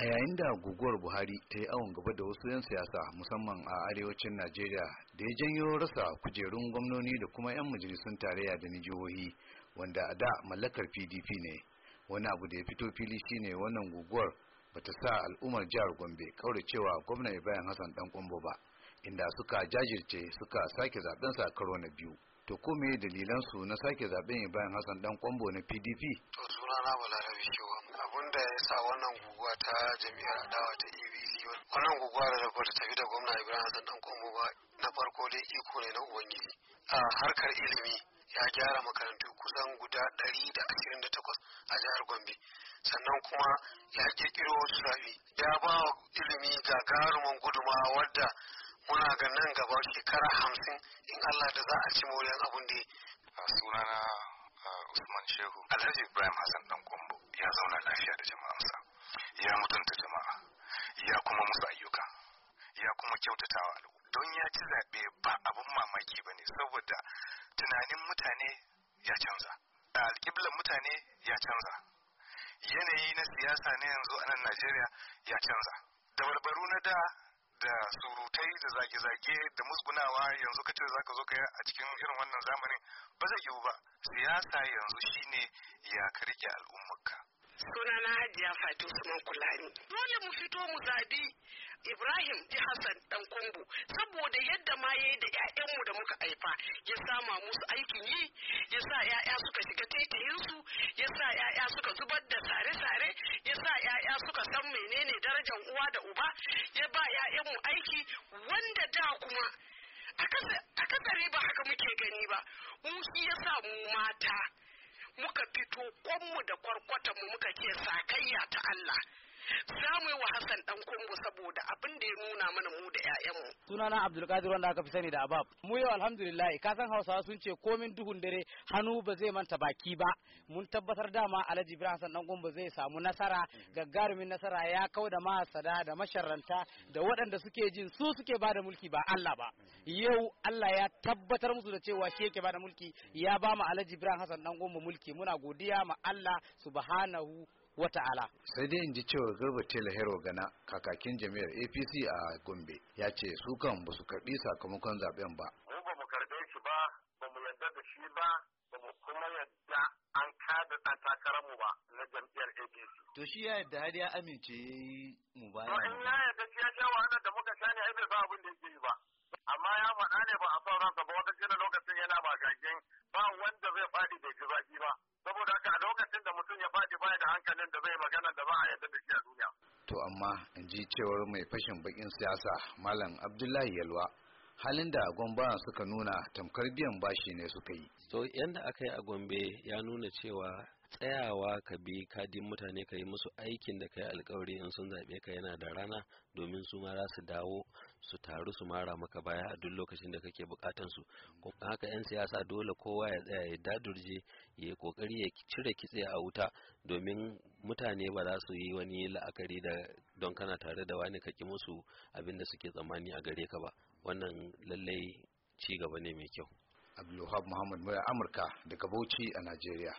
a yayin da guguwar buhari ta yi awon gaba da wasu 'yan siyasa musamman a arewacin najeriya da ya janyo rasa kujerun gwamnoni da kuma 'yan majalisun tarayya da na jihohi wanda a da mallakar pdp ne wani abu da ya fito fili shine wannan guguwar bata sa al'ummar jihar gombe kauracewa gwamna ibrahim hassan dan kwambo ba inda suka jajirce suka sake zaben sa karo na biyu to ko me dalilan su na sake zaben bayan Hassan dan kwambo na PDP to sunana Balarabe Shehu abinda ya sa wannan guguwa ta jami'ar adawa ta EBC wannan guguwa da ba ta tafi da gwamna Ibrahim Hassan dan kwambo ba na farko dai iko ne na ubangiji a harkar ilimi ya gyara makarantu kusan guda ɗari da asirin da a jihar Gombe sannan kuma ya kirkiro wasu zaɓe ya ba ilimi gagarumin gudumawa wadda muna ga nan gaba shekara hamsin in Allah da za a ci moriyan abun da ya sunana Usman Shehu Alhaji Ibrahim Hassan dan Kombo ya zauna lafiya da jama'arsa ya mutunta jama'a ya kuma musu ayyuka ya kuma kyautatawa al'umma don ya ci zaɓe ba abun mamaki ba ne saboda tunanin mutane ya canza alƙiblan mutane ya canza yanayi na siyasa na yanzu a nan Najeriya ya canza dabarbaru na da da surutai da zage-zage da musgunawa yanzu kace za ka zo ka a cikin irin wannan zamanin ba zai yiwu ba siyasa yanzu shine ya ka al'ummarka suna na hajiya fati usman kulani dole mu fito mu zabi ibrahim ji hassan dan kongo saboda yadda ma ya da ƴaƴanmu da muka haifa ya sama musu aikin yi ya sa 'ya'ya suka shiga taitayinsu ya sa 'ya'ya suka zubar da sare-sare ya suka san menene darajar uwa da uba ya ba 'ya'yanmu aiki wanda da kuma akasari ba haka muke gani ba mu shi ya sa mu mata muka fito kwanmu da kwarkwata mu muka ce sakayya ta Allah samu wa Hassan dan kumbu saboda abin da ya nuna mana mu da ƴaƴanmu sunana Abdulkadir wanda aka fi sani da Abab mu yau alhamdulillah ka san Hausawa sun ce komin duhun dare hannu ba zai manta baki ba mun tabbatar dama Alhaji Ibrahim Hassan dan kumbu zai samu nasara gagarumin nasara ya kau da masada da masharanta da waɗanda suke jin su suke ba da mulki ba Allah ba yau Allah ya tabbatar musu da cewa shi yake ba da mulki ya ba mu Alhaji Ibrahim Hassan dan kumbu mulki muna godiya ma Allah subhanahu wa ta'ala sai dai in ji cewa garba tela hero gana kakakin jami'ar apc a gombe ya ce su kan ba su karbi sakamakon zaben ba mu ba mu karbe shi ba ba mu yarda da shi ba ba mu kuma yadda an kada ɗan takararmu ba na jam'iyyar apc to shi ya yadda har ya amince ya yi mu ba in ya yadda shi ya sha wahalar da muka sha ne ai bai ba abin da yake yi ba amma ya faɗa ne ba a son ransa ba wata lokacin yana ba gagen ba wanda zai faɗi da ji zaki ba saboda haka a lokacin hankalin da zai magana da ba a yadda da shi a duniya. To amma in ji cewar mai fashin bakin siyasa Malam Abdullahi Yalwa halin da gomba suka nuna tamkar biyan bashi ne suka yi. So yanda aka yi a Gombe ya nuna cewa tsayawa ka bi kadin mutane ka yi musu aikin da ka yi alkawari in sun zaɓe ka yana da rana domin su ma za su dawo su taru su mara maka baya a duk lokacin da kake bukatan su haka yan siyasa dole kowa ya tsaya ya dadurje ya yi kokari ya cire kitse a wuta domin mutane ba za su yi wani la'akari da don kana tare da wani kaki musu abin da suke tsammani a gare ka ba wannan lallai ci gaba ne mai kyau abdulwahab muhammad mai amurka daga bauchi a najeriya